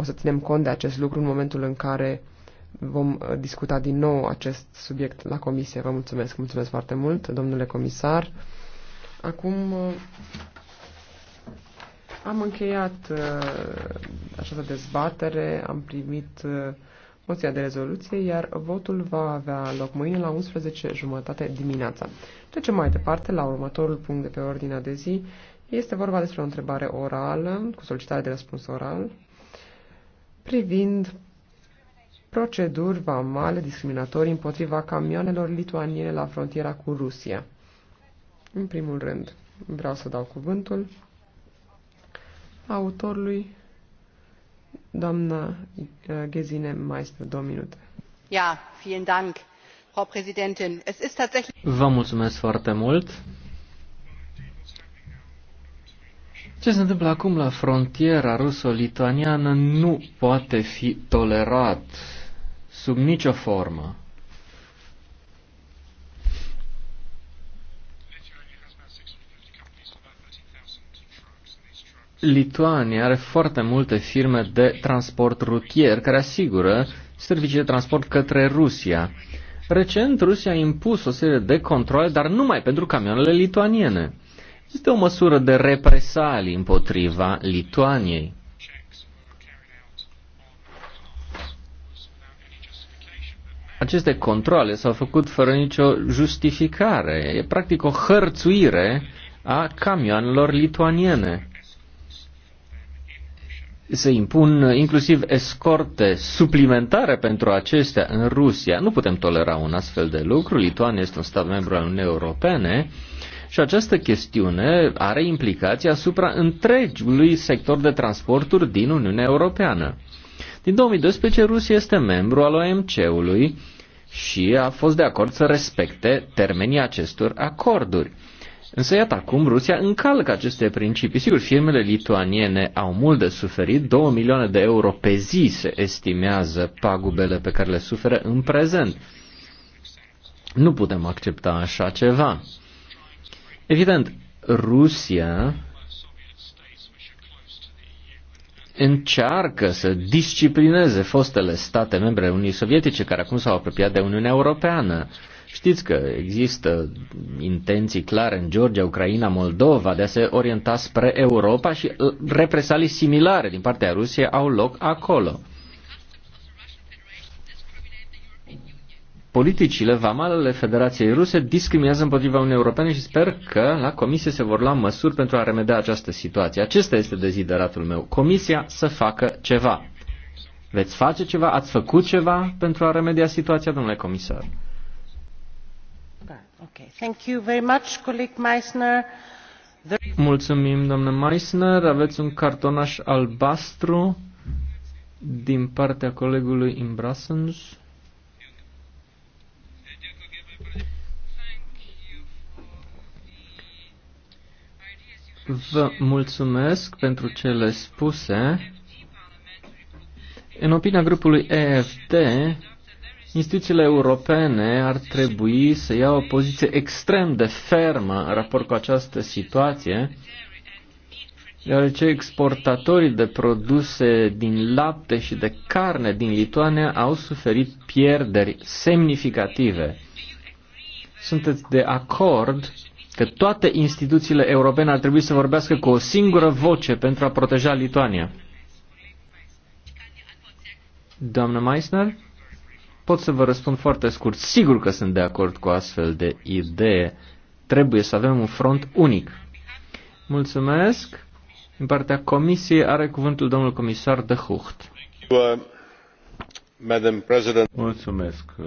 O să ținem cont de acest lucru în momentul în care vom uh, discuta din nou acest subiect la comisie. Vă mulțumesc, mulțumesc foarte mult, domnule comisar. Acum uh, am încheiat uh, această dezbatere, am primit moția de rezoluție, iar votul va avea loc mâine la 11 jumătate dimineața. Trecem mai departe la următorul punct de pe ordinea de zi. Este vorba despre o întrebare orală cu solicitare de răspuns oral privind proceduri vamale discriminatorii împotriva camioanelor lituaniene la frontiera cu Rusia. În primul rând, vreau să dau cuvântul autorului, doamna uh, Gesine Meister, două minute. Ja, vielen Dank, Frau Präsidentin. Es ist tatsächlich... Vă mulțumesc foarte mult. Ce se întâmplă acum la frontiera ruso-lituaniană nu poate fi tolerat sub nicio formă. Lituania are foarte multe firme de transport rutier care asigură servicii de transport către Rusia. Recent, Rusia a impus o serie de controle, dar numai pentru camioanele lituaniene. Este o măsură de represalii împotriva Lituaniei. Aceste controle s-au făcut fără nicio justificare. E practic o hărțuire a camioanelor lituaniene. Se impun inclusiv escorte suplimentare pentru acestea în Rusia. Nu putem tolera un astfel de lucru. Lituania este un stat membru al Uniunii Europene și această chestiune are implicații asupra întregului sector de transporturi din Uniunea Europeană. Din 2012 Rusia este membru al OMC-ului și a fost de acord să respecte termenii acestor acorduri. Însă iată acum Rusia încalcă aceste principii. Sigur, firmele lituaniene au mult de suferit, 2 milioane de euro pe zi se estimează pagubele pe care le suferă în prezent. Nu putem accepta așa ceva. Evident, Rusia încearcă să disciplineze fostele state membre ale Uniunii Sovietice care acum s-au apropiat de Uniunea Europeană. Știți că există intenții clare în Georgia, Ucraina, Moldova de a se orienta spre Europa și uh, represalii similare din partea Rusiei au loc acolo. politicile vamalele Federației Ruse discriminează împotriva Uniunii Europene și sper că la Comisie se vor lua măsuri pentru a remedia această situație. Acesta este dezideratul meu. Comisia să facă ceva. Veți face ceva? Ați făcut ceva pentru a remedia situația, domnule comisar? Da, okay. Thank you very much, colleague Meissner. The... Mulțumim, domnule Meissner. Aveți un cartonaș albastru din partea colegului Imbrasens. Vă mulțumesc pentru cele spuse. În opinia grupului EFT, instituțiile europene ar trebui să ia o poziție extrem de fermă în raport cu această situație, deoarece exportatorii de produse din lapte și de carne din Lituania au suferit pierderi semnificative. Sunteți de acord că toate instituțiile europene ar trebui să vorbească cu o singură voce pentru a proteja Lituania. Doamnă Meissner, pot să vă răspund foarte scurt. Sigur că sunt de acord cu astfel de idee. Trebuie să avem un front unic. Mulțumesc. În partea Comisiei are cuvântul domnul comisar de Hucht. Mulțumesc, uh,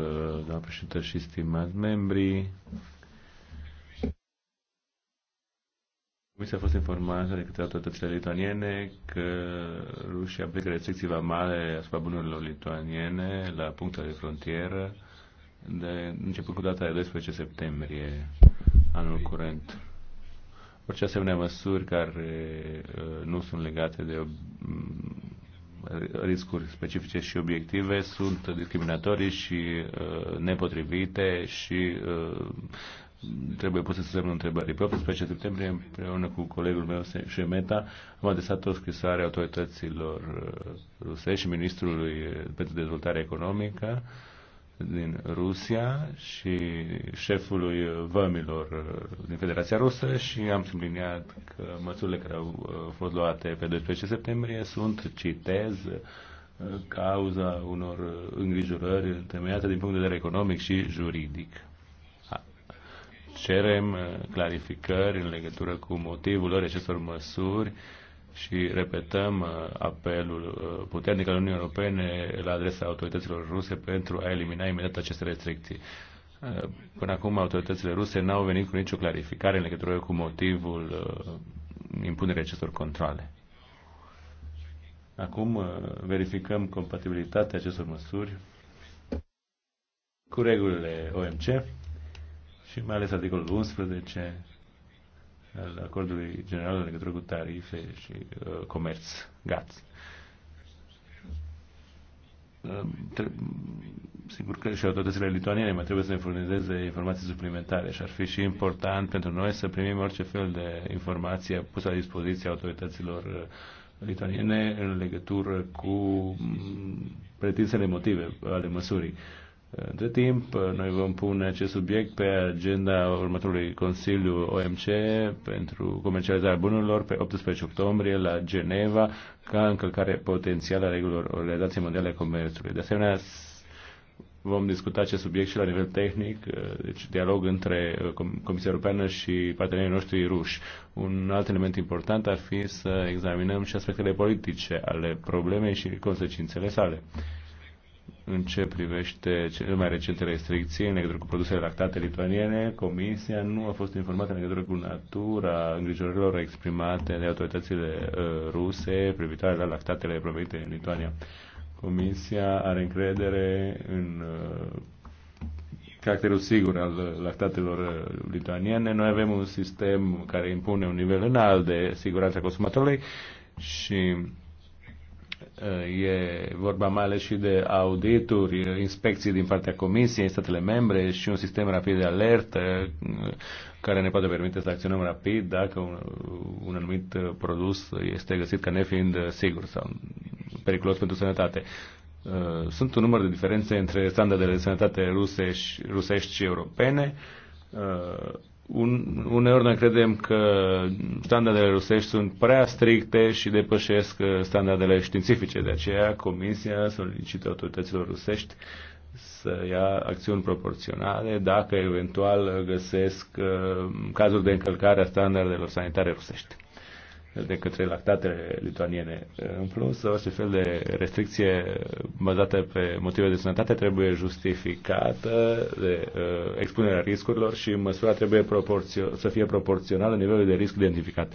doamnă președinte și stimați membri. Comisia a fost informată de către autoritățile lituaniene că Rusia aplică restricții vamale asupra bunurilor lituaniene la punctele de frontieră de început cu data de 12 septembrie anul curent. Orice asemenea măsuri care uh, nu sunt legate de mm, riscuri specifice și obiective sunt discriminatorii și uh, nepotrivite și uh, trebuie pusă să semnul întrebării. Pe 18 septembrie, împreună cu colegul meu Șemeta, am adresat o scrisoare autorităților uh, rusești și ministrului uh, pentru dezvoltare economică din Rusia și șefului vămilor uh, din Federația Rusă și am subliniat că măsurile care au fost luate pe 12 septembrie sunt, citez, cauza unor îngrijorări întemeiate din punct de vedere economic și juridic cerem uh, clarificări în legătură cu motivul lor acestor măsuri și repetăm uh, apelul uh, puternic al Uniunii Europene la adresa autorităților ruse pentru a elimina imediat aceste restricții. Până acum autoritățile ruse n-au venit cu nicio clarificare în legătură cu motivul impunerii acestor controle. Acum verificăm compatibilitatea acestor măsuri cu regulile OMC și mai ales articolul 11 al acordului general în legătură cu tarife și uh, comerț gaz. Uh, sigur că și autoritățile lituaniene mai trebuie să ne furnizeze informații suplimentare și ar fi și important pentru noi să primim orice fel de informație pusă la dispoziție autorităților uh, lituaniene în legătură cu mm, pretinsele motive ale măsurii. Uh, între timp, noi vom pune acest subiect pe agenda următorului Consiliu OMC pentru comercializarea bunurilor pe 18 octombrie la Geneva, ca încălcare potențială a regulilor Organizației Mondiale a Comerțului. De asemenea, vom discuta acest subiect și la nivel tehnic, deci dialog între uh, Comisia Europeană și partenerii noștri ruși. Un alt element important ar fi să examinăm și aspectele politice ale problemei și consecințele sale în ce privește cele mai recente restricții în legătură cu produsele lactate lituaniene, Comisia nu a fost informată în legătură cu natura îngrijorărilor exprimate de autoritățile uh, ruse privitoare la lactatele provenite în Lituania. Comisia are încredere în uh, caracterul sigur al lactatelor uh, lituaniene. Noi avem un sistem care impune un nivel înalt de siguranță a consumatorului și Uh, e vorba mai ales și de audituri, inspecții din partea Comisiei, statele membre și un sistem rapid de alertă uh, care ne poate permite să acționăm rapid dacă un, un anumit produs este găsit ca nefiind sigur sau periculos pentru sănătate. Uh, sunt un număr de diferențe între standardele de sănătate ruse și, rusești și europene un, uneori noi credem că standardele rusești sunt prea stricte și depășesc uh, standardele științifice. De aceea Comisia solicită autorităților rusești să ia acțiuni proporționale dacă eventual găsesc uh, cazuri de încălcare a standardelor sanitare rusești de către lactatele lituaniene. În plus, orice fel de restricție bazată pe motive de sănătate trebuie justificată de uh, expunerea riscurilor și măsura trebuie să fie proporțională nivelului de risc identificat.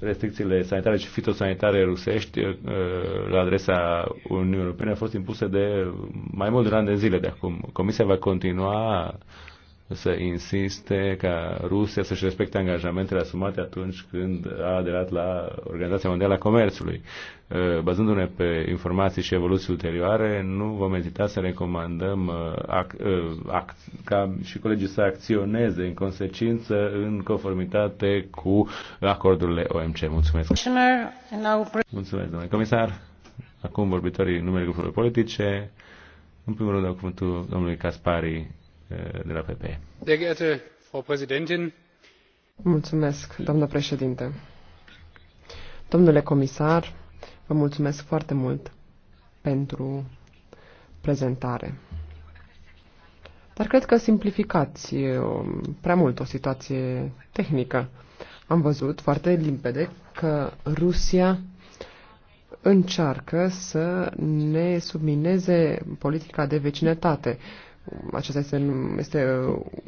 Restricțiile sanitare și fitosanitare rusești uh, la adresa Uniunii Europene au fost impuse de mai mult de un an de zile de acum. Comisia va continua uh, să insiste ca Rusia să-și respecte angajamentele asumate atunci când a aderat la Organizația Mondială a Comerțului. Uh, bazându-ne pe informații și evoluții ulterioare, nu vom ezita să recomandăm uh, ac- uh, ac- ca și colegii să acționeze în consecință în conformitate cu acordurile OMC. Mulțumesc! Mulțumesc, domnule comisar! Acum vorbitorii numele grupurilor politice. În primul rând, dau cuvântul domnului Caspari Eh, de la PP. Sehr geehrte Frau Präsidentin. Mulțumesc, doamnă președinte. Domnule comisar, vă mulțumesc foarte mult pentru prezentare. Dar cred că simplificați eh, prea mult o situație tehnică. Am văzut foarte limpede că Rusia încearcă să ne submineze politica de vecinătate acesta este, este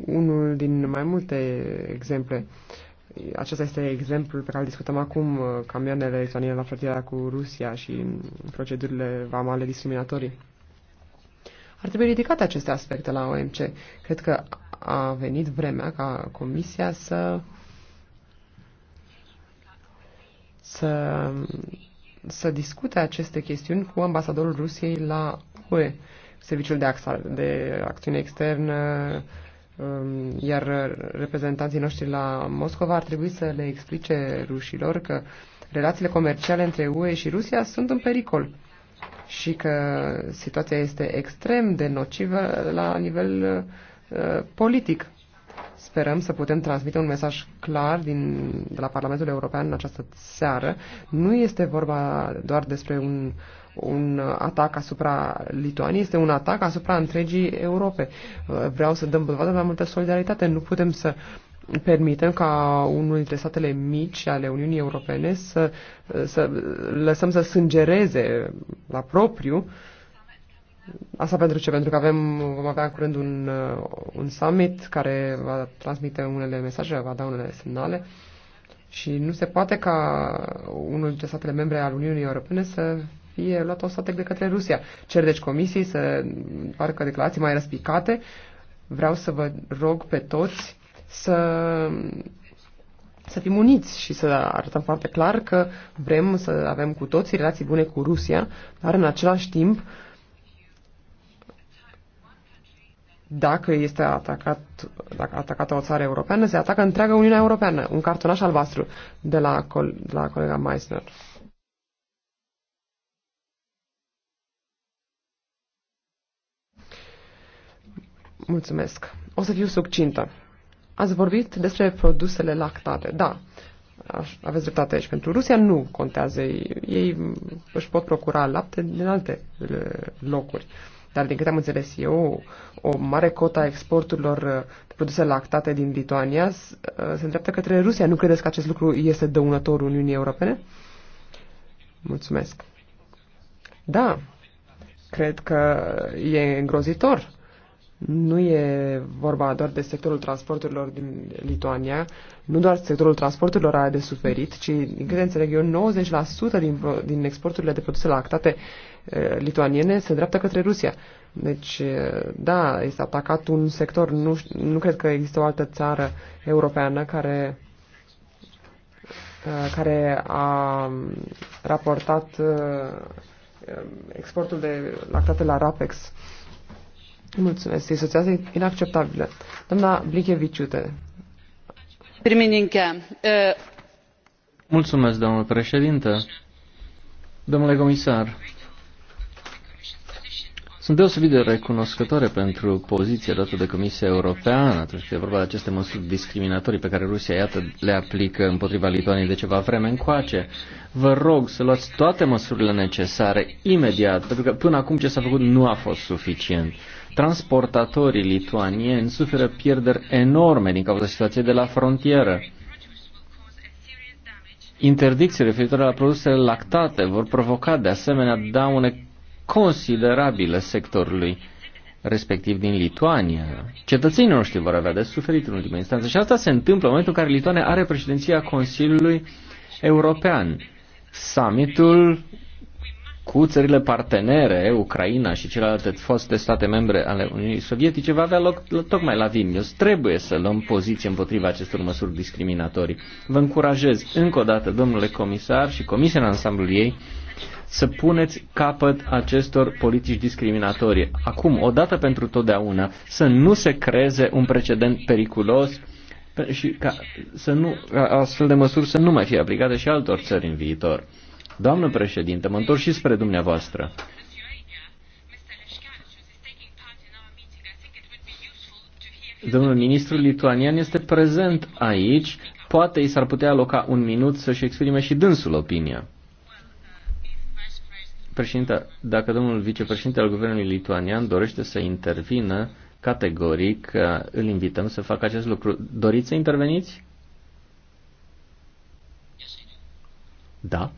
unul din mai multe exemple. Acesta este exemplul pe care îl discutăm acum, uh, camioanele lituaniene la frontiera cu Rusia și mm, procedurile vamale discriminatorii. Ar trebui ridicate aceste aspecte la OMC. Cred că a venit vremea ca Comisia să să, să discute aceste chestiuni cu ambasadorul Rusiei la UE. Serviciul de, Axa, de Acțiune Externă, um, iar reprezentanții noștri la Moscova ar trebui să le explice rușilor că relațiile comerciale între UE și Rusia sunt în pericol și că situația este extrem de nocivă la nivel uh, politic. Sperăm să putem transmite un mesaj clar din, de la Parlamentul European în această seară. Nu este vorba doar despre un uh, un atac asupra Lituaniei, este un atac asupra întregii Europe. Vreau să dăm dovadă mai multă solidaritate. Nu putem să permitem ca unul dintre statele mici ale Uniunii Europene să, să lăsăm să sângereze la propriu. Asta pentru ce? Pentru că avem, vom avea în curând un, un summit care va transmite unele mesaje, va da unele semnale. Și nu se poate ca unul dintre statele membre al Uniunii Europene să fie luată o statec de către Rusia. Cer deci comisii să parcă declarații mai răspicate. Vreau să vă rog pe toți să să fim uniți și să arătăm foarte clar că vrem să avem cu toții relații bune cu Rusia, dar în același timp, dacă este atacat, dacă atacată o țară europeană, se atacă întreaga Uniunea Europeană, un cartonaș albastru de la, col- de la colega Meissner. Mulțumesc. O să fiu succintă. Ați vorbit despre produsele lactate. Da, aveți dreptate aici. Pentru Rusia nu contează. Ei își pot procura lapte din alte locuri. Dar din câte am înțeles eu, o mare cota a exporturilor uh, de produse lactate din Lituania uh, se îndreaptă către Rusia. Nu credeți că acest lucru este dăunător Uniunii Europene? Mulțumesc. Da, cred că e îngrozitor nu e vorba doar de sectorul transporturilor din Lituania, nu doar sectorul transporturilor are de suferit, ci, din câte înțeleg eu, 90% din, din exporturile de produse lactate eh, lituaniene se îndreaptă către Rusia. Deci, eh, da, este atacat un sector, nu, nu cred că există o altă țară europeană care eh, care a raportat exportul de lactate la RAPEX. Mulțumesc. Este situație inacceptabilă. Doamna Blicheviciute. Pirmininke. Uh, Mulțumesc, domnule președinte. Domnule comisar, sunt deosebit de recunoscătoare pentru poziția dată de Comisia Europeană atunci când e vorba de aceste măsuri discriminatorii pe care Rusia, iată, le aplică împotriva Lituaniei de ceva vreme încoace. Vă rog să luați toate măsurile necesare imediat, pentru că până acum ce s-a făcut nu a fost suficient. Transportatorii lituanieni suferă pierderi enorme din cauza situației de la frontieră. Interdicții referitoare la produsele lactate vor provoca de asemenea daune considerabile sectorului respectiv din Lituania. Cetățenii noștri vor avea de suferit în ultima instanță și asta se întâmplă în momentul în care Lituania are președinția Consiliului European. Summitul cu țările partenere, Ucraina și celelalte foste state membre ale Uniunii Sovietice, va avea loc tocmai la Vilnius. Trebuie să luăm poziție împotriva acestor măsuri discriminatorii. Vă încurajez încă o dată, domnule comisar și comisia în ansamblul ei, să puneți capăt acestor politici discriminatorii. Acum, odată pentru totdeauna, să nu se creeze un precedent periculos și ca, să nu, astfel de măsuri să nu mai fie aplicate și altor țări în viitor. Doamnă președinte, mă întorc și spre dumneavoastră. Domnul ministru lituanian este prezent aici. Poate i s-ar putea aloca un minut să-și exprime și dânsul opinia. Președinte, dacă domnul vicepreședinte al guvernului lituanian dorește să intervină, categoric îl invităm să facă acest lucru. Doriți să interveniți? Da.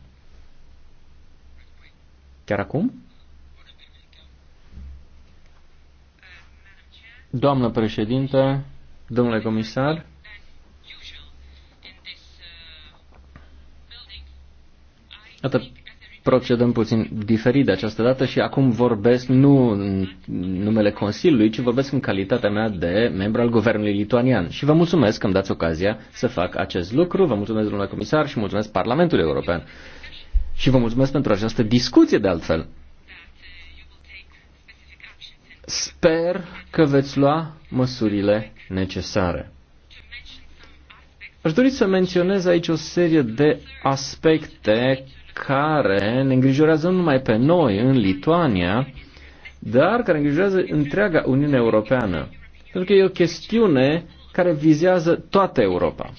Chiar acum? Doamnă președintă, domnule comisar, Iată, procedăm puțin diferit de această dată și acum vorbesc nu în numele Consiliului, ci vorbesc în calitatea mea de membru al Guvernului lituanian. Și vă mulțumesc că îmi dați ocazia să fac acest lucru, vă mulțumesc, domnule comisar, și mulțumesc Parlamentului European. Și vă mulțumesc pentru această discuție de altfel. Sper că veți lua măsurile necesare. Aș dori să menționez aici o serie de aspecte care ne îngrijorează nu numai pe noi în Lituania, dar care îngrijorează întreaga Uniune Europeană. Pentru că e o chestiune care vizează toată Europa.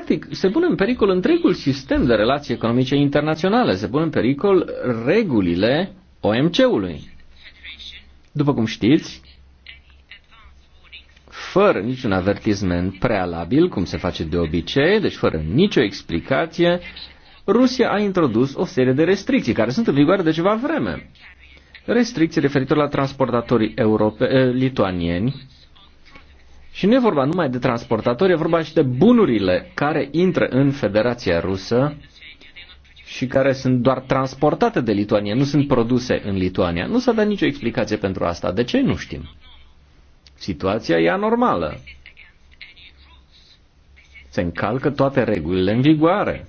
practic, se pune în pericol întregul sistem de relații economice internaționale, se pun în pericol regulile OMC-ului. După cum știți, fără niciun avertisment prealabil, cum se face de obicei, deci fără nicio explicație, Rusia a introdus o serie de restricții care sunt în vigoare de ceva vreme. Restricții referitor la transportatorii europe, eh, lituanieni și nu e vorba numai de transportatori, e vorba și de bunurile care intră în Federația Rusă și care sunt doar transportate de Lituania, nu sunt produse în Lituania. Nu s-a dat nicio explicație pentru asta. De ce? Nu știm. Situația e anormală. Se încalcă toate regulile în vigoare.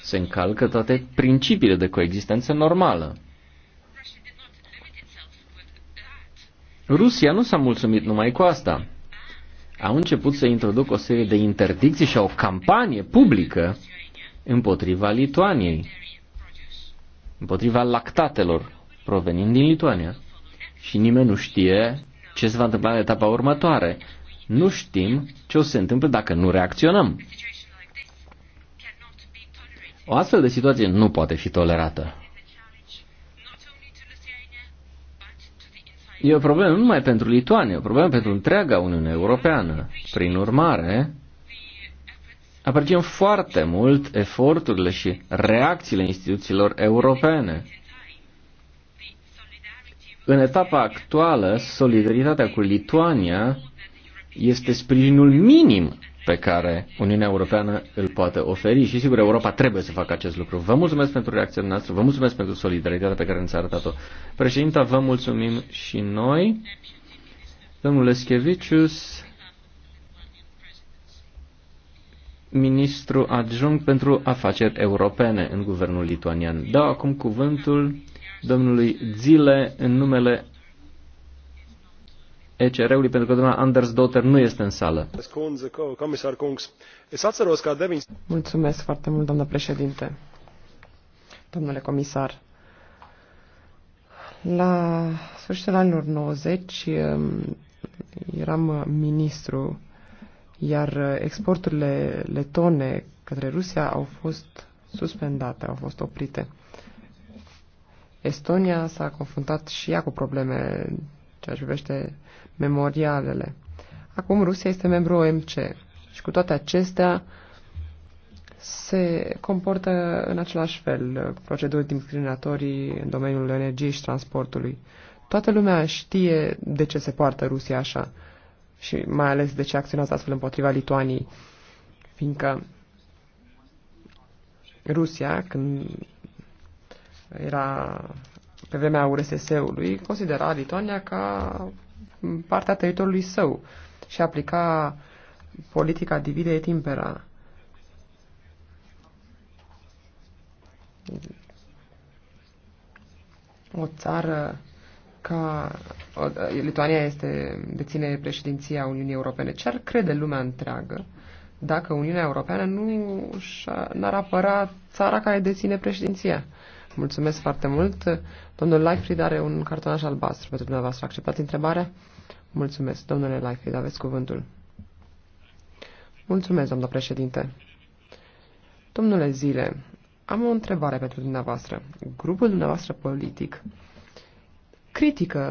Se încalcă toate principiile de coexistență normală. Rusia nu s-a mulțumit numai cu asta au început să introducă o serie de interdicții și o campanie publică împotriva Lituaniei, împotriva lactatelor provenind din Lituania. Și nimeni nu știe ce se va întâmpla în etapa următoare. Nu știm ce o să se întâmple dacă nu reacționăm. O astfel de situație nu poate fi tolerată. E o problemă nu numai pentru Lituania, e o problemă pentru întreaga Uniune Europeană. Prin urmare, apreciem foarte mult eforturile și reacțiile instituțiilor europene. În etapa actuală, solidaritatea cu Lituania este sprijinul minim pe care Uniunea Europeană îl poate oferi și sigur Europa trebuie să facă acest lucru. Vă mulțumesc pentru reacția noastră, vă mulțumesc pentru solidaritatea pe care ne-ați arătat-o. Președinta, vă mulțumim și noi. Domnule Schevicius, ministru adjunct pentru afaceri europene în guvernul lituanian. Dau acum cuvântul domnului Zile în numele ECR-ului, pentru că doamna Anders Dotter nu este în sală. Mulțumesc foarte mult, doamnă președinte. Domnule comisar, la sfârșitul anilor 90 ehm, eram ministru, iar exporturile letone către Rusia au fost suspendate, au fost oprite. Estonia s-a confruntat și ea cu probleme ceea ce privește memorialele. Acum Rusia este membru OMC și cu toate acestea se comportă în același fel proceduri discriminatorii în domeniul energiei și transportului. Toată lumea știe de ce se poartă Rusia așa și mai ales de ce acționează astfel împotriva Lituaniei, fiindcă Rusia, când era pe vremea URSS-ului, considera Lituania ca partea teritoriului său și aplica politica divide et impera. O țară ca Lituania este, deține președinția Uniunii Europene. Ce ar crede lumea întreagă dacă Uniunea Europeană nu n-ar apăra țara care deține președinția? Mulțumesc foarte mult. Domnul Leifried are un cartonaș albastru pentru dumneavoastră. Acceptați întrebarea? Mulțumesc. Domnule Leifried, aveți cuvântul. Mulțumesc, domnul președinte. Domnule Zile, am o întrebare pentru dumneavoastră. Grupul dumneavoastră politic critică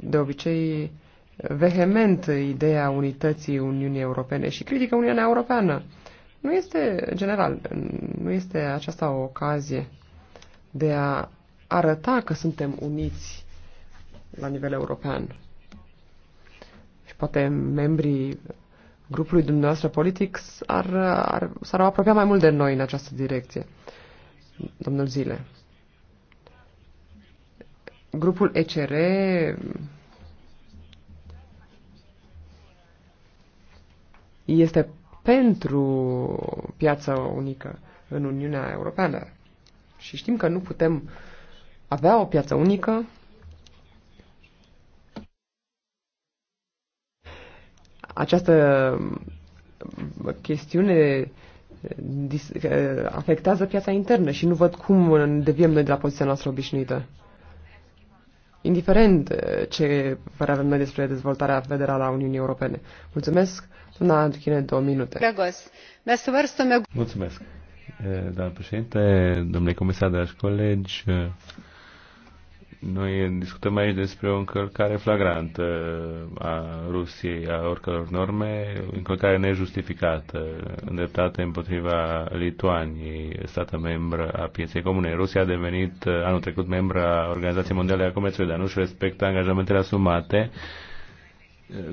de obicei vehement ideea unității Uniunii Europene și critică Uniunea Europeană. Nu este, general, nu este aceasta o ocazie de a arăta că suntem uniți la nivel european. Și poate membrii grupului dumneavoastră politic ar, ar, s-ar apropia mai mult de noi în această direcție. Domnul Zile. Grupul ECR este pentru piața unică în Uniunea Europeană și știm că nu putem avea o piață unică această chestiune afectează piața internă și nu văd cum deviem noi de la poziția noastră obișnuită. Indiferent eh, ce vor avem noi despre dezvoltarea federală a Uniunii Europene. Mulțumesc, doamna Andruchine, două minute. Mulțumesc doamnă președinte, domnule comisar, dragi colegi, noi discutăm aici despre o încălcare flagrantă a Rusiei, a oricăror norme, încălcare nejustificată, îndreptată împotriva Lituaniei, stată membră a pieței comune. Rusia a devenit anul trecut membră a Organizației Mondiale a Comerțului, dar nu-și respectă angajamentele asumate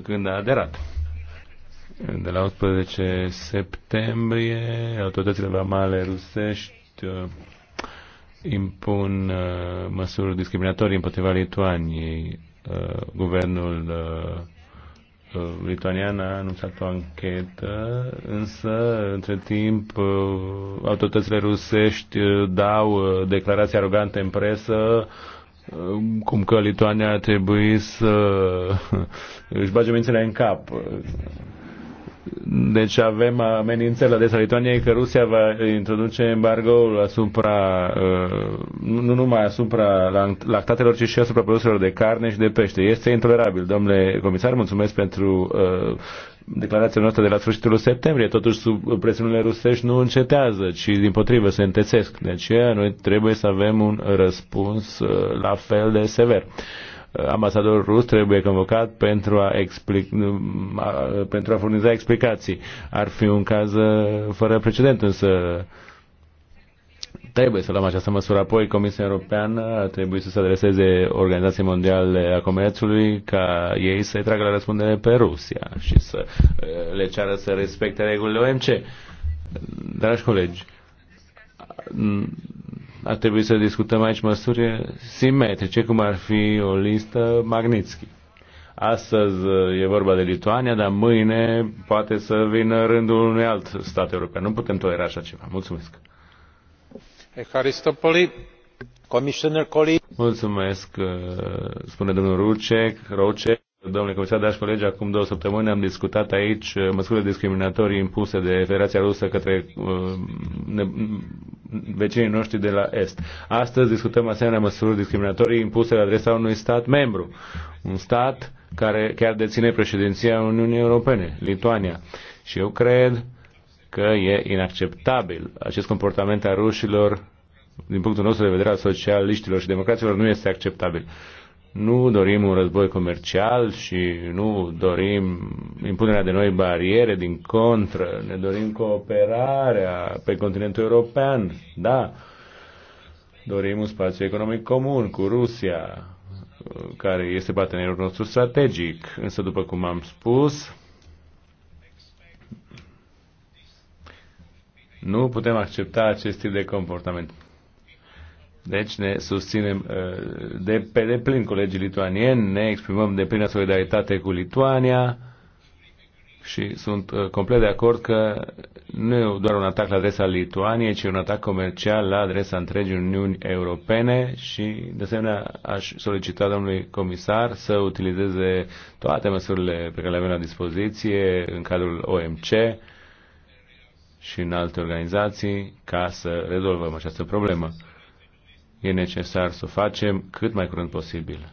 când a aderat de la 18 septembrie, autoritățile vamale rusești uh, impun uh, măsuri discriminatorii împotriva Lituaniei. Uh, guvernul lituanian a anunțat o anchetă, însă, între timp, autoritățile rusești dau declarații arogante în presă cum că Lituania ar trebui să își bage mințele în cap deci avem amenințări la adresa Lituaniei că Rusia va introduce embargoul asupra, uh, nu numai asupra lactatelor, ci și asupra produselor de carne și de pește. Este intolerabil. Domnule comisar, mulțumesc pentru uh, declarația noastră de la sfârșitul septembrie. Totuși, sub presiunile rusești nu încetează, ci din potrivă se întețesc. De aceea, noi trebuie să avem un răspuns uh, la fel de sever ambasadorul rus trebuie convocat pentru a, explic, pentru a furniza explicații. Ar fi un caz uh, fără precedent, însă trebuie să luăm această măsură. Apoi Comisia Europeană ar trebui să se adreseze Organizației Mondiale a Comerțului ca ei să-i tragă la răspundere pe Rusia și să uh, le ceară să respecte regulile OMC. Dragi colegi, ar trebui să discutăm aici măsuri simetrice, cum ar fi o listă Magnitsky. Astăzi uh, e vorba de Lituania, dar mâine poate să vină rândul unui alt stat european. Nu putem tolera așa ceva. Mulțumesc. Mulțumesc, uh, spune domnul Rucek, Roce, Domnule comisar, dragi colegi, acum două săptămâni am discutat aici uh, măsurile discriminatorii impuse de Federația Rusă către vecinii noștri de la Est. Astăzi discutăm asemenea măsuri discriminatorii impuse la adresa unui stat membru, un stat care chiar deține președinția Uniunii Europene, Lituania. Și eu cred că e inacceptabil acest comportament al rușilor din punctul nostru de vedere al socialiștilor și democraților nu este acceptabil. Nu dorim un război comercial și nu dorim impunerea de noi bariere, din contră, ne dorim cooperarea pe continentul european, da. Dorim un spațiu economic comun cu Rusia, care este partenerul nostru strategic. Însă, după cum am spus, nu putem accepta acest tip de comportament. Deci ne susținem uh, de pe deplin colegii lituanieni, ne exprimăm de plină solidaritate cu Lituania și sunt uh, complet de acord că nu e doar un atac la adresa Lituaniei, ci un atac comercial la adresa întregii Uniuni Europene și, de asemenea, aș solicita domnului comisar să utilizeze toate măsurile pe care le avem la dispoziție în cadrul OMC și în alte organizații ca să rezolvăm această problemă e necesar să o facem cât mai curând posibil.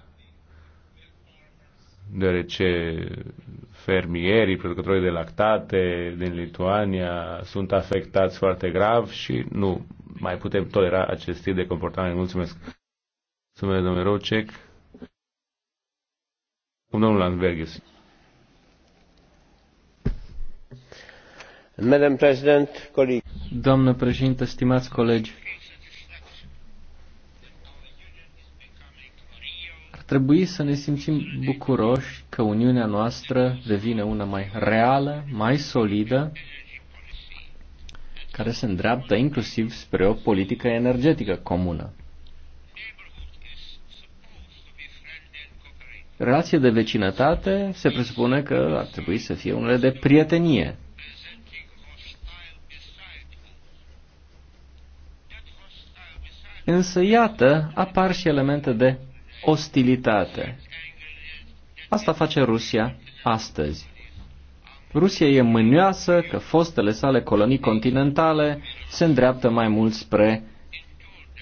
Deoarece fermierii, producătorii de lactate din Lituania sunt afectați foarte grav și nu mai putem tolera acest tip de comportament. Mulțumesc! Mulțumesc, domnule Rocek. Domnul Landbergis. Madam President, colleagues. Doamnă președinte, stimați colegi, trebui să ne simțim bucuroși că Uniunea noastră devine una mai reală, mai solidă, care se îndreaptă inclusiv spre o politică energetică comună. Relația de vecinătate se presupune că ar trebui să fie unele de prietenie. Însă, iată, apar și elemente de ostilitate. Asta face Rusia astăzi. Rusia e mânioasă că fostele sale colonii continentale se îndreaptă mai mult spre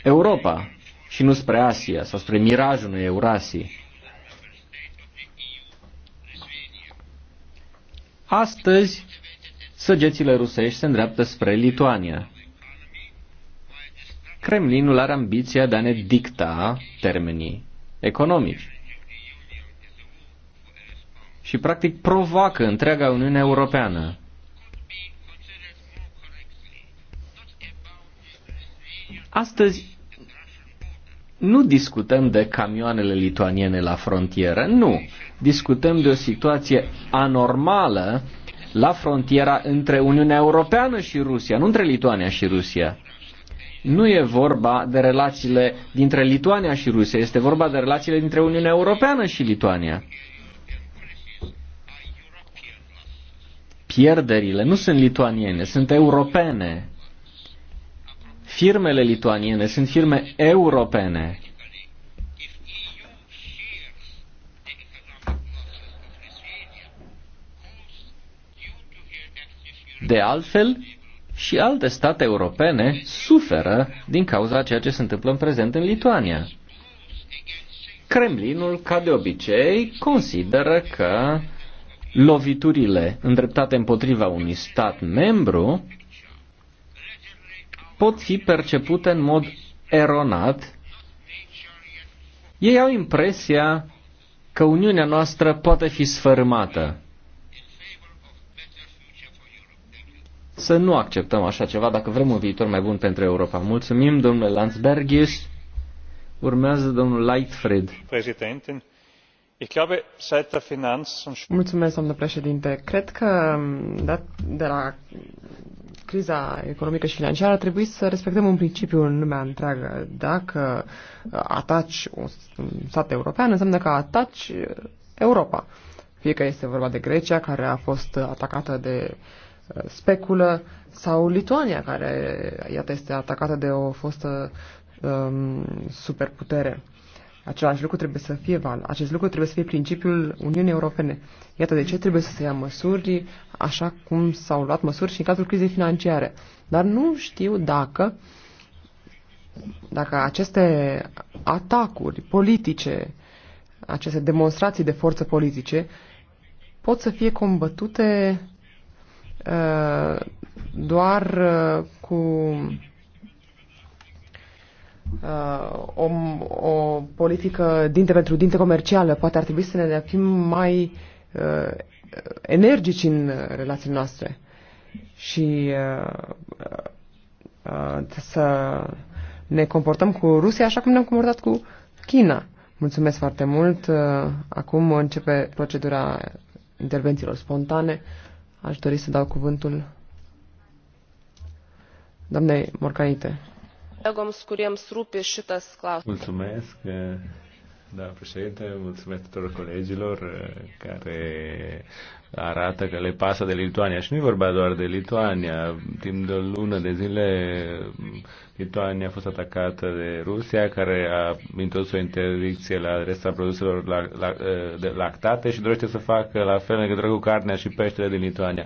Europa și nu spre Asia sau spre mirajul unei Eurasii. Astăzi, săgețile rusești se îndreaptă spre Lituania. Kremlinul are ambiția de a ne dicta termenii economici. Și practic provoacă întreaga Uniune Europeană. Astăzi nu discutăm de camioanele lituaniene la frontieră, nu. Discutăm de o situație anormală la frontiera între Uniunea Europeană și Rusia, nu între Lituania și Rusia. Nu e vorba de relațiile dintre Lituania și Rusia, este vorba de relațiile dintre Uniunea Europeană și Lituania. Pierderile nu sunt lituaniene, sunt europene. Firmele lituaniene sunt firme europene. De altfel, și alte state europene suferă din cauza a ceea ce se întâmplă în prezent în Lituania. Kremlinul, ca de obicei, consideră că loviturile îndreptate împotriva unui stat membru pot fi percepute în mod eronat. Ei au impresia că Uniunea noastră poate fi sfărâmată. să nu acceptăm așa ceva dacă vrem un viitor mai bun pentru Europa. Mulțumim, domnule Landsbergis. Urmează domnul Lightfried. Președinte, Mulțumesc, domnule președinte. Cred că mm, dat de la criza economică și financiară ar trebui să respectăm un principiu în lumea întreagă. Dacă uh, ataci un stat european, înseamnă că ataci Europa. Fie că este vorba de Grecia, care a fost atacată de uh, speculă sau Lituania, care, iată, este atacată de o fostă um, superputere. Același lucru trebuie să fie val. Acest lucru trebuie să fie principiul Uniunii Europene. Iată de ce trebuie să se ia măsuri așa cum s-au luat măsuri și în cazul crizei financiare. Dar nu știu dacă dacă aceste atacuri politice, aceste demonstrații de forță politice pot să fie combătute Uh, doar uh, cu uh, o, o politică dinte pentru dinte comercială. Poate ar trebui să ne fim mai energici în relațiile noastre și să ne comportăm cu Rusia așa cum ne-am comportat cu China. Mulțumesc foarte mult. Acum începe procedura intervențiilor spontane. Aș dori să dau cuvântul doamnei Morcanite. Mulțumesc, eh, doamnă președinte, mulțumesc tuturor colegilor eh, care arată că le pasă de Lituania. Și nu e vorba doar de Lituania. Timp de o lună de zile Lituania a fost atacată de Rusia, care a introdus o interdicție la adresa produselor la, la, de lactate și dorește să facă la fel în cu carnea și peștele din Lituania.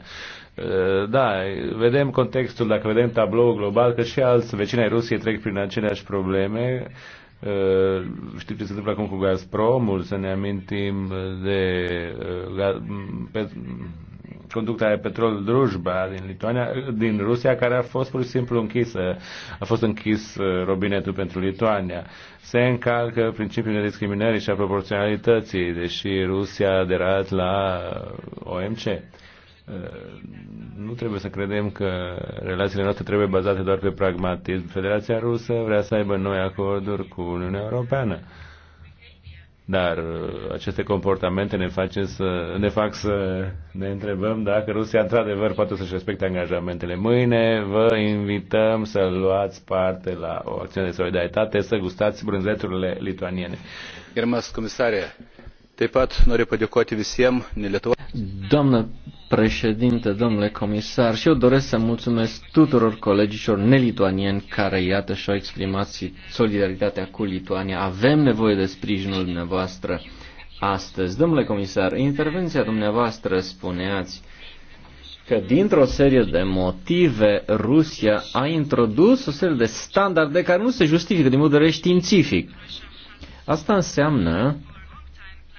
Uh, da, vedem contextul, dacă vedem tabloul global, că și alți vecini ai Rusiei trec prin aceleași probleme Uh, știu ce se întâmplă acum cu Gazpromul, să ne amintim de uh, pe, conducta de petrol Drujba din Lituania, din Rusia, care a fost pur și simplu închisă. A fost închis uh, robinetul pentru Lituania. Se încalcă principiul discriminării și a proporționalității, deși Rusia a aderat la OMC. Uh, nu trebuie să credem că relațiile noastre trebuie bazate doar pe pragmatism. Federația Rusă vrea să aibă noi acorduri cu Uniunea Europeană. Dar uh, aceste comportamente ne, face să, ne fac să ne întrebăm dacă Rusia într-adevăr poate să-și respecte angajamentele. Mâine vă invităm să luați parte la o acțiune de solidaritate, să gustați brânzeturile lituaniene. Germas comisare, taip pat noriu padėkoti visiem, ne Doamnă președinte, domnule comisar, și eu doresc să mulțumesc tuturor colegilor nelituanieni care, iată, și-au exprimat solidaritatea cu Lituania. Avem nevoie de sprijinul dumneavoastră astăzi. Domnule comisar, intervenția dumneavoastră spuneați că dintr-o serie de motive Rusia a introdus o serie de standarde care nu se justifică din punct de vedere științific. Asta înseamnă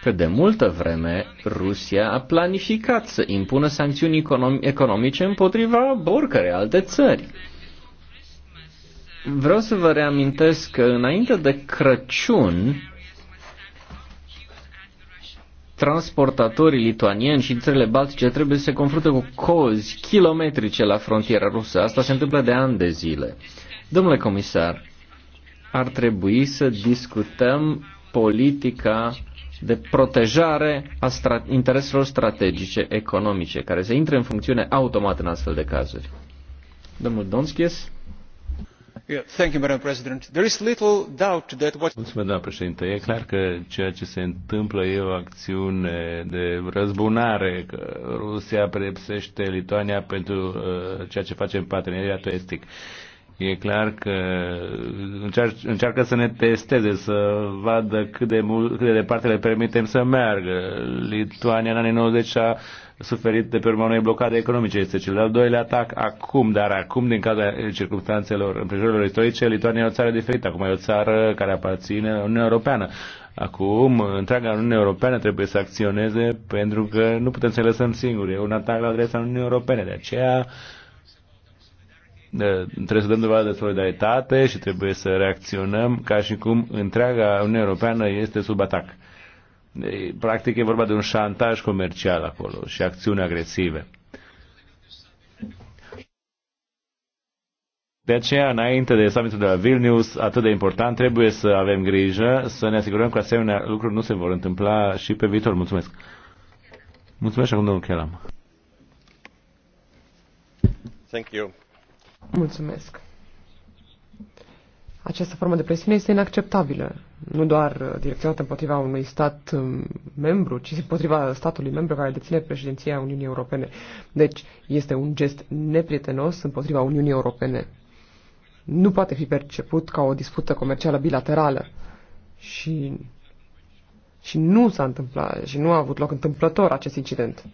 că de multă vreme Rusia a planificat să impună sancțiuni economice împotriva oricărei alte țări. Vreau să vă reamintesc că înainte de Crăciun, transportatorii lituanieni și țările baltice trebuie să se confrunte cu cozi kilometrice la frontiera rusă. Asta se întâmplă de ani de zile. Domnule comisar, ar trebui să discutăm politica de protejare a stra- intereselor strategice economice, care se intre în funcțiune automat în astfel de cazuri. Domnul Donskis. Mulțumesc, doamnă președinte. E clar că ceea ce se întâmplă e o acțiune de răzbunare, că Rusia prepsește Lituania pentru uh, ceea ce face în parteneriatul estic. Uh, E clar că încearcă, încearcă să ne testeze, să vadă cât de, mult, cât de departe le permitem să meargă. Lituania în anii 90 a suferit de pe urma unei blocade economice. Este cel al doilea atac acum, dar acum, din cauza circunstanțelor împrejurilor istorice, Lituania e o țară diferită. Acum e o țară care aparține Uniunii Uniunea Europeană. Acum, întreaga Uniune Europeană trebuie să acționeze pentru că nu putem să-i lăsăm singuri. E un atac la adresa Uniunii Europene. De aceea, uh, trebuie să dăm dovadă de solidaritate și trebuie să reacționăm ca și cum întreaga Uniune Europeană este sub atac. Practic e vorba de un șantaj comercial acolo și acțiuni agresive. De aceea, înainte de summitul de la Vilnius, atât de important, trebuie să avem grijă să ne asigurăm că asemenea lucruri nu se vor întâmpla și pe viitor. Mulțumesc! Mulțumesc acum, domnul Chelam. Thank you. Mulțumesc. Această formă de presiune este inacceptabilă, nu doar uh, direcționată împotriva unui stat um, membru, ci împotriva statului membru care deține președinția Uniunii Europene. Deci este un gest neprietenos împotriva Uniunii Europene. Nu poate fi perceput ca o dispută comercială bilaterală și, și nu s-a întâmplat și nu a avut loc întâmplător acest incident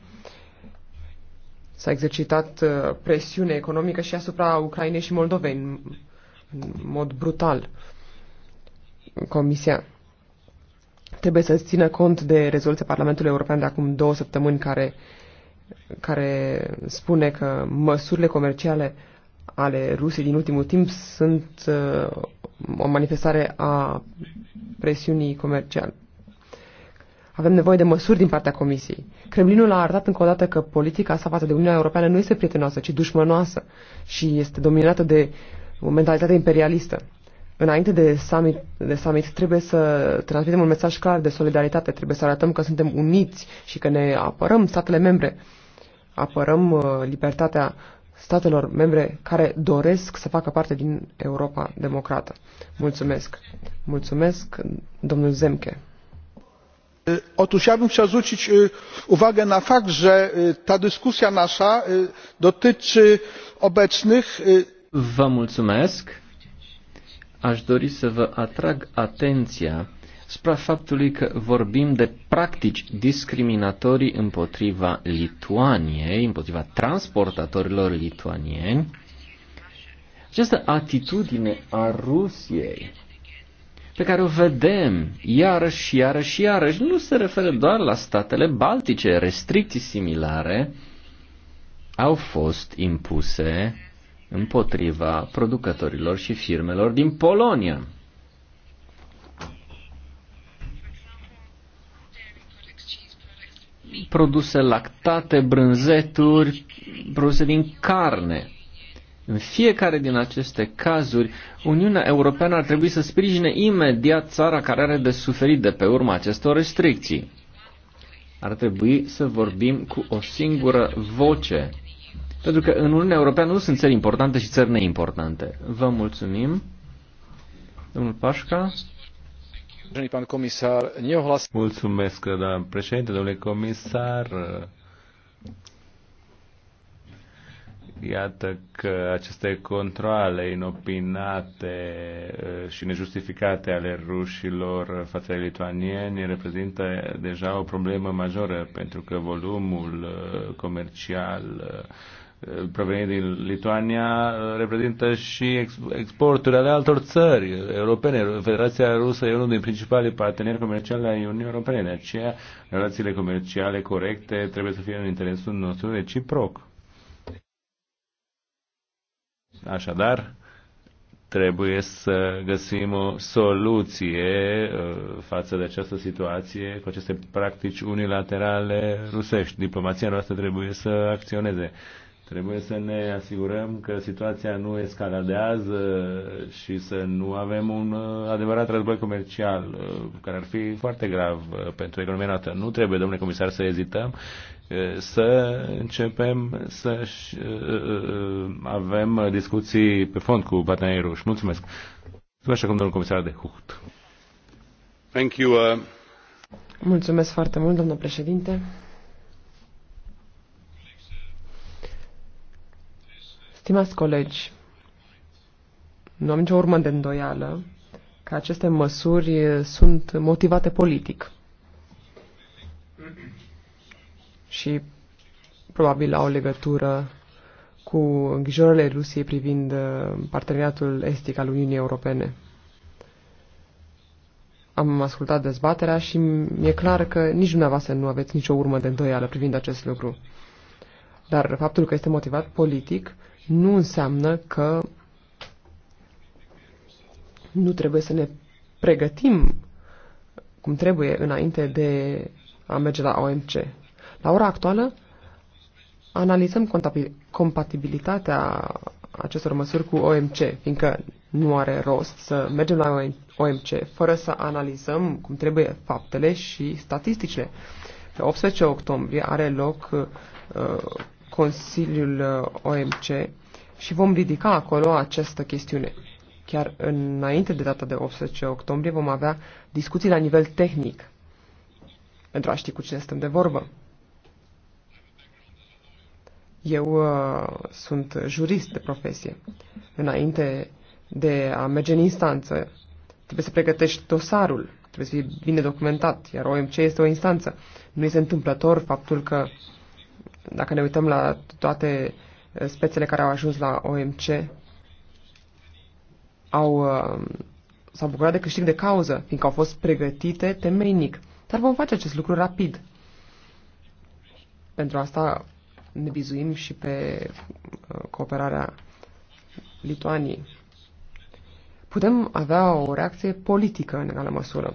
s-a exercitat uh, presiune economică și asupra Ucrainei și Moldovei în, în mod brutal. Comisia trebuie să țină cont de rezoluția Parlamentului European de acum două săptămâni care, care spune că măsurile comerciale ale Rusiei din ultimul timp sunt uh, o manifestare a presiunii comerciale. Avem nevoie de măsuri din partea Comisiei. Kremlinul a arătat încă o dată că politica sa față de Uniunea Europeană nu este prietenoasă, ci dușmănoasă și este dominată de o mentalitate imperialistă. Înainte de summit, de summit trebuie să transmitem un mesaj clar de solidaritate, trebuie să arătăm că suntem uniți și că ne apărăm statele membre, apărăm uh, libertatea statelor membre care doresc să facă parte din Europa democrată. Mulțumesc. Mulțumesc, domnul Zemke otóż ja bym chciał zwrócić uwagę na fakt że ta dyskusja nasza dotyczy obecnych Vă mulțumesc. Aș dori să vă atrag atenția spre faptului că vorbim de practici discriminatorii împotriva Lituaniei, împotriva transportatorilor lituanieni. Această atitudine a Rusiei pe care o vedem iarăși, iarăși, iarăși, nu se referă doar la statele baltice. Restricții similare au fost impuse împotriva producătorilor și firmelor din Polonia. Produse lactate, brânzeturi, produse din carne. În fiecare din aceste cazuri, Uniunea Europeană ar trebui să sprijine imediat țara care are de suferit de pe urma acestor restricții. Ar trebui să vorbim cu o singură voce. Pentru că în Uniunea Europeană nu sunt țări importante și țări neimportante. Vă mulțumim. Domnul Pașca. Mulțumesc, domnule președinte, domnule comisar. Iată că aceste controle inopinate uh, și nejustificate ale rușilor față de lituanieni reprezintă deja o problemă majoră, pentru că volumul uh, comercial uh, provenit din Lituania reprezintă și exporturi ale altor țări europene. Federația Rusă e unul din principalii parteneri comerciali ai Uniunii Europene, de aceea relațiile comerciale corecte trebuie să fie în interesul nostru reciproc. Așadar, trebuie să găsim o soluție uh, față de această situație cu aceste practici unilaterale rusești. Diplomația noastră trebuie să acționeze. Trebuie să ne asigurăm că situația nu escaladează și să nu avem un uh, adevărat război comercial, uh, care ar fi foarte grav pentru economia noastră. Nu trebuie, domnule comisar, să ezităm să începem să uh, uh, avem discuții pe fond cu partenerii ruși. Mulțumesc. Mulțumesc acum domnul comisar de Hucht. Thank you, uh... Mulțumesc foarte mult, domnul președinte. Stimați colegi, nu am nicio urmă de îndoială că aceste măsuri sunt motivate politic. și probabil au legătură cu îngrijorările Rusiei privind uh, parteneriatul estic al Uniunii Europene. Am ascultat dezbaterea și mi-e clar că nici dumneavoastră nu aveți nicio urmă de îndoială privind acest lucru. Dar faptul că este motivat politic nu înseamnă că nu trebuie să ne pregătim cum trebuie înainte de a merge la OMC. La ora actuală analizăm compatibilitatea acestor măsuri cu OMC, fiindcă nu are rost să mergem la OMC fără să analizăm cum trebuie faptele și statisticile. Pe 18 octombrie are loc uh, Consiliul uh, OMC și vom ridica acolo această chestiune. Chiar înainte de data de 18 octombrie vom avea discuții la nivel tehnic pentru a ști cu cine stăm de vorbă. Eu uh, sunt jurist de profesie. Înainte de a merge în instanță, trebuie să pregătești dosarul, trebuie să fie bine documentat, iar OMC este o instanță. Nu este întâmplător faptul că, dacă ne uităm la toate uh, spețele care au ajuns la OMC, au, uh, s-au bucurat de câștig de cauză, fiindcă au fost pregătite temeinic. Dar vom face acest lucru rapid. Pentru asta ne bizuim și pe uh, cooperarea Lituaniei. Putem avea o reacție politică în egală măsură.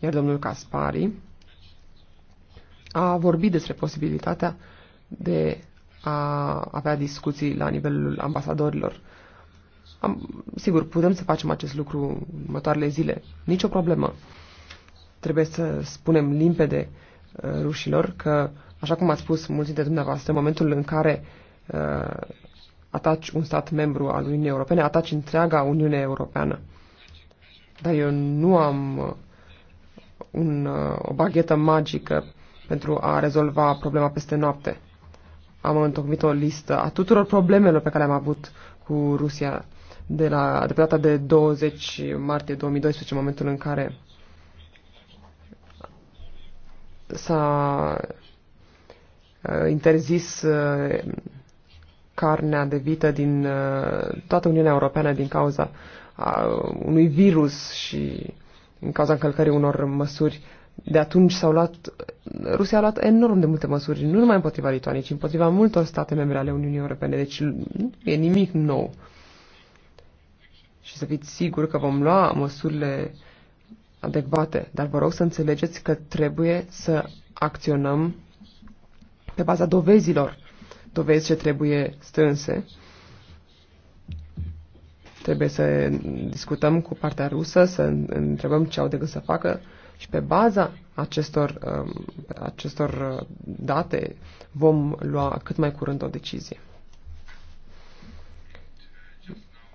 Iar domnul Caspari a vorbit despre posibilitatea de a avea discuții la nivelul ambasadorilor. Am, sigur, putem să facem acest lucru în următoarele zile. Nicio problemă. Trebuie să spunem limpede uh, rușilor că uh, Așa cum ați spus mulți dintre dumneavoastră, în momentul în care uh, ataci un stat membru al Uniunii Europene, ataci întreaga Uniune Europeană. Dar eu nu am uh, un, uh, o baghetă magică pentru a rezolva problema peste noapte. Am întocmit o listă a tuturor problemelor pe care am avut cu Rusia de, la, de pe data de 20 martie 2012, momentul în care s-a Uh, interzis uh, carnea de vită din uh, toată Uniunea Europeană din cauza unui virus și din cauza încălcării unor măsuri. De atunci s-au luat, Rusia a luat enorm de multe măsuri, nu numai împotriva Lituaniei, ci împotriva multor state membre ale Uniunii Europene. Deci nu e nimic nou. Și să fiți siguri că vom lua măsurile adecvate. Dar vă rog să înțelegeți că trebuie să acționăm pe baza dovezilor, dovezi ce trebuie strânse. Trebuie să discutăm cu partea rusă, să întrebăm ce au de gând să facă și pe baza acestor, um, acestor uh, date vom lua cât mai curând o decizie.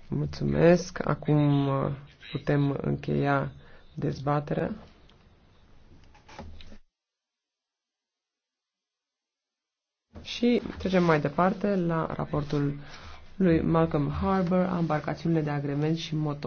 Mulțumesc. Acum uh, putem încheia dezbaterea. Și trecem mai departe la raportul lui Malcolm Harbour, ambarcațiunile de agrement și moto.